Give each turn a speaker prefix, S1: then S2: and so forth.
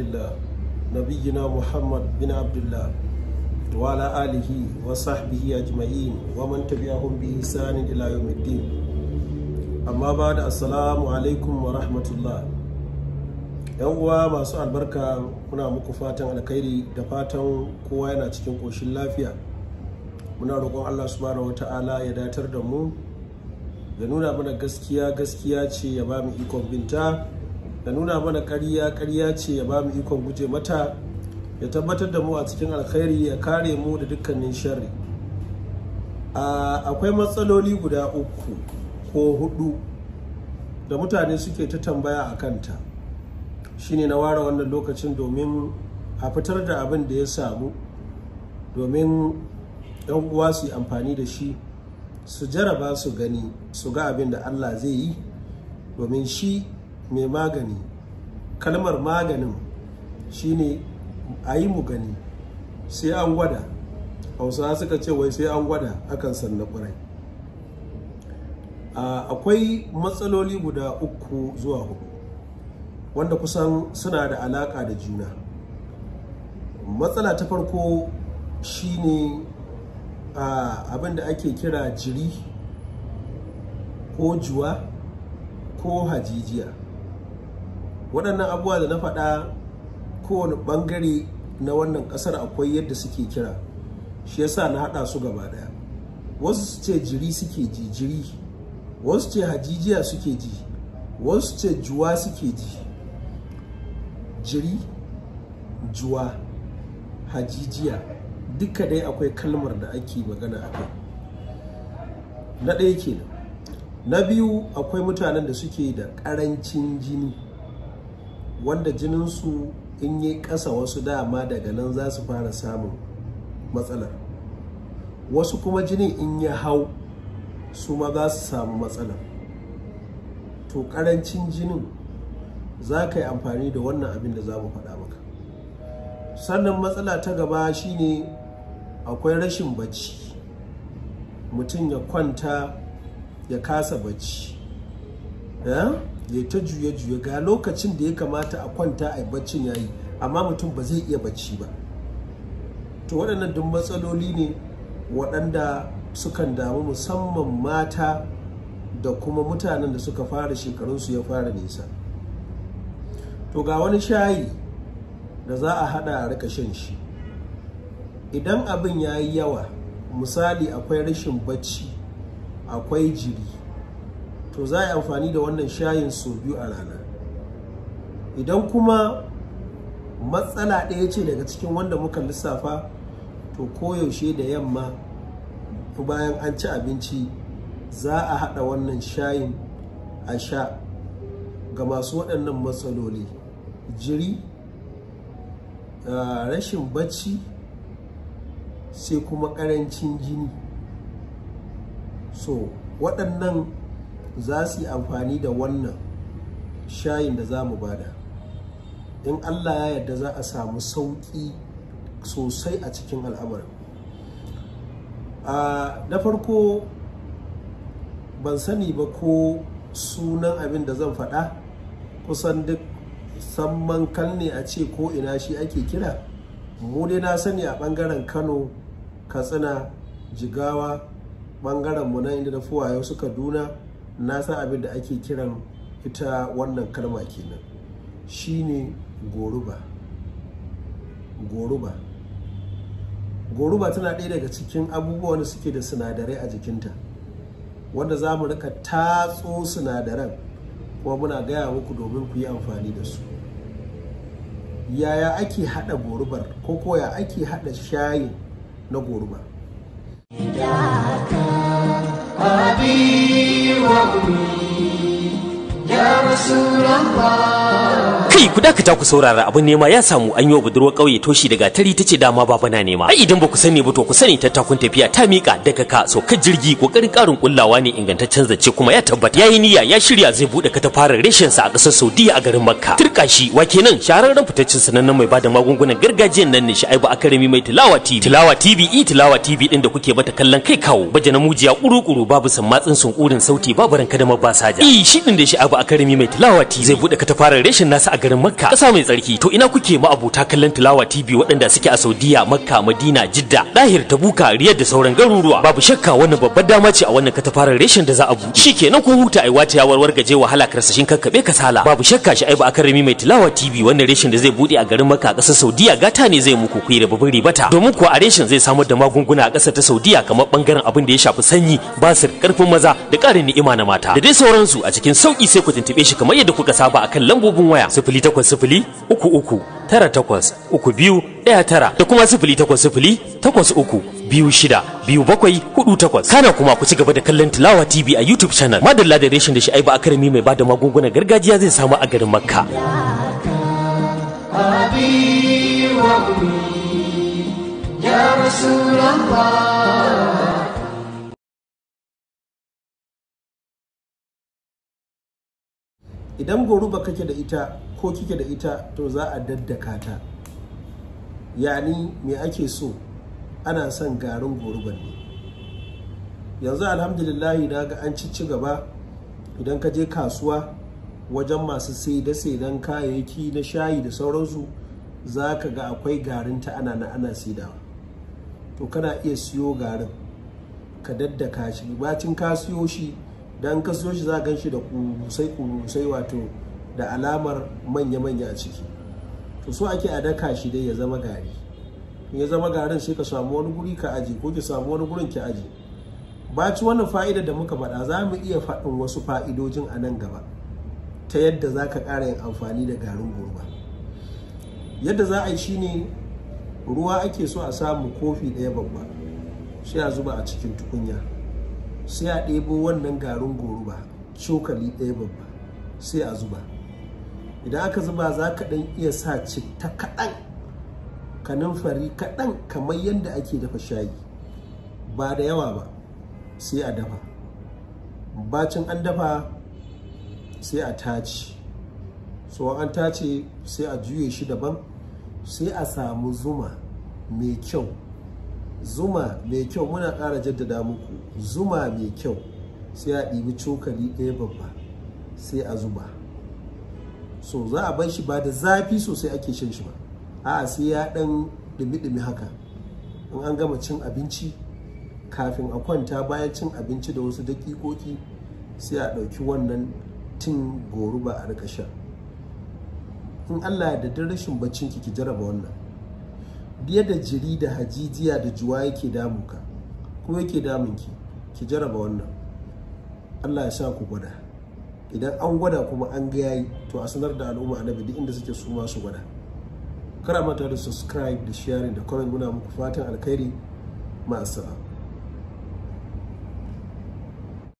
S1: abdullah nabiyina muhammad bin abdullah wala alihi wa sahbihi ajma'in wa man tabi'ahum bi ihsan ila yawmiddin amma ba'd assalamu alaikum wa rahmatullah yan uwa masu albarka muna muku fatan alkhairi da fatan kowa yana cikin koshin lafiya muna roƙon Allah wata ala ya datar da mu ya nuna mana gaskiya gaskiya ce ya ba mu ikon binta da nuna mana karya karya ce ya ba mu ikon guje mata ya tabbatar da mu a cikin alkhairi ya kare mu da dukkanin sharri akwai matsaloli guda uku ko hudu da mutane suke ta tambaya a kanta shine na ware wannan lokacin domin a fitar da abin da ya samu domin yan uwa su yi amfani da shi su jaraba su gani su ga abin da allah zai yi domin shi mai magani kalmar maganin shine a yi mu gani sai an gwada hausawa suka ce wai sai an gwada akan sannan kwarai akwai matsaloli guda uku zuwa hudu wanda kusan suna da alaka da juna matsala ta farko shine abin da ake kira jiri ko juwa ko hajijiya waɗannan abubuwa da na faɗa kowane ɓangare na wannan ƙasar akwai yadda suke kira shi yasa na haɗa su gaba ɗaya wasu su ce jiri suke ji jiri wasu ce hajijiya suke ji wasu ce juwa suke ji jiri juwa hajijiya duka dai akwai kalmar da ake magana a na ɗaya kenan na biyu akwai mutanen da suke da ƙarancin jini wanda jininsu in yi ƙasa wasu dama daga nan za su fara samun matsalar wasu kuma jinin in ya hau su ma za su samu matsalar to ƙarancin jinin za ka yi amfani da wannan abin da za mu faɗa maka sannan matsala ta gaba shine akwai rashin bacci mutum ya kwanta ya kasa bacci eh? ya ta juye juye ga lokacin da ya kamata a kwanta a baccin yayi amma mutum ba zai iya bacci ba to waɗannan duk matsaloli ne waɗanda sukan damu musamman mata da kuma mutanen da suka fara shekarunsu ya fara nisa to ga wani shayi da za a haɗa a rika shan shi idan abin ya yi yawa misali akwai rashin bacci akwai jiri to za a yi amfani da wannan shayin sau biyu a rana idan kuma matsala ɗaya ce daga cikin wanda muka lissafa to koyaushe da yamma bayan an ci abinci za a haɗa wannan shayin a sha ga masu waɗannan matsaloli jiri rashin bacci sai kuma ƙarancin jini so waɗannan za su yi amfani da wannan shayin da za mu bada in allah ya yarda za a samu sauki sosai a cikin al'amarin na farko ban sani ba ko sunan abin da zan faɗa kusan duk samman kan ne a ce ko ina shi ake kira mu dai na sani a ɓangaren kano katsina jigawa ɓangaren mu na inda na fuwayo su kaduna na san abin da ake kiran ita wannan kalma kenan shine goruba goruba goruba tana ɗaya daga cikin abubuwan da suke da sinadarai a jikinta wanda za mu rika tatso sinadaran kuma muna gaya muku domin ku yi amfani da su yaya ake haɗa gorubar ko koya ake haɗa shayi na goruba. أبي وأمي يا رسول الله
S2: kai ku dakata ku saurara abin nema ya samu an yi wa budurwar ƙauye toshi daga tari tace dama ba bana nema ai idan ba ku sani ba to ku sani tattakun tafiya ta mika daga ka so ka jirgi kokarin karin kullawa ne ingantaccen zance kuma ya tabbata yayi niyya ya shirya zai bude katafarar reshen sa a ƙasar Saudiya a garin Makka turka shi wa kenan shahararren fitaccen sanannen mai bada magungunan gargajiyan nan ne ba Akarami mai Tilawa TV Tilawa TV e Tilawa TV din da kuke mata kallon kai kawo baje na mujiya kurukuru, babu sammatsin sunkurin sauti babu ranka ba saja eh shi din da abu Akarami mai Tilawa TV zai bude fara reshen nasa garin Makka ƙasa mai tsarki to ina kuke ma'abuta kallon Tilawa TV waɗanda suke a Saudiya Makka Madina Jidda Dahir Tabuka Riyadh da sauran garuruwa babu shakka wannan babbar dama ce a wannan katafaren reshen da za a buɗe kenan ku huta ai wata warwar gaje wahala karsashin kakkabe kasala babu shakka shi ai ba akarami mai Tilawa TV wannan reshen da zai buɗe a garin Makka ƙasar Saudiya gata ne zai muku kuyi da babin ribata domin kuwa a reshen zai samar da magunguna a ƙasar ta Saudiya kamar bangaren abin da ya shafi sanyi basir karfin maza da ƙarin ni'ima na mata da dai sauransu a cikin sauki sai ku tuntuɓe shi kamar yadda kuka saba akan lambobin waya sifili takwas sifili uku uku tara takwas uku biyu ɗaya tara da kuma sifili takwas sifili takwas uku biyu shida biyu bakwai hudu takwas kana kuma ku ci gaba da kallon tilawa tv a youtube channel madalla da reshen da shi'aiba akarami mai bada magungunan gargajiya zai samu a garin makka ya rasulallah idan goruba kake da ita ko kike da ita to za a daddaka
S1: ta yani me ake so ana son garin goruban ne yanzu alhamdulillahi na ga an ci gaba idan ka je kasuwa wajen masu saida-saidan kayayyaki na shayi da sauransu za ka ga akwai garin ta ana na ana saidawa to kana iya siyo garin ka daddaka shi bacin ka siyo shi dan ka siyo shi za ka shi da kurusai kurusai wato da alamar manya-manya a ciki to so ake a daka shi dai ya zama gari ya zama garin sai ka samu wani guri ka aji ko ki samu wani gurin ki aji ci wannan fa'ida da muka faɗa za mu iya faɗin wasu fa'idojin a nan gaba ta yadda za ka ƙara yin amfani da garin gurba yadda za a yi ne ruwa ake so a samu kofi ɗaya babba sai a zuba a cikin tukunya sai a ɗebo wannan garin ba cokali ɗaya babba sai a zuba idan aka zuba za ka ɗan iya sa citta kaɗan ka numfari kaɗan kamar yadda ake dafa shayi ba da yawa ba sai a dafa bacin an dafa sai a tace so an tace sai a juye shi daban sai a samu zuma mai kyau zuma mai kyau muna ƙara jaddada muku zuma mai kyau sai a ɗibi cokali ɗaya babba sai a zuba so za a bar shi ba da zafi sosai ake shan shi ba a'a sai ya ɗan ɗumi-ɗumi haka in an gama cin abinci kafin a kwanta bayan cin abinci da wasu daƙiƙoƙi sai a ɗauki wannan tin goruba a rika sha in allah da rashin baccin ki ki jaraba wannan da jiri da hajijiya da juwa yake damun ko yake damun ki ki jaraba wannan Allah ya sa ku gwada idan an gwada kuma an ga yayi to a sanar da al'umma annabi duk inda suke su ma su gwada kara mata da subscribe da sharing da comment muna muku fatan alkhairi ma'assalam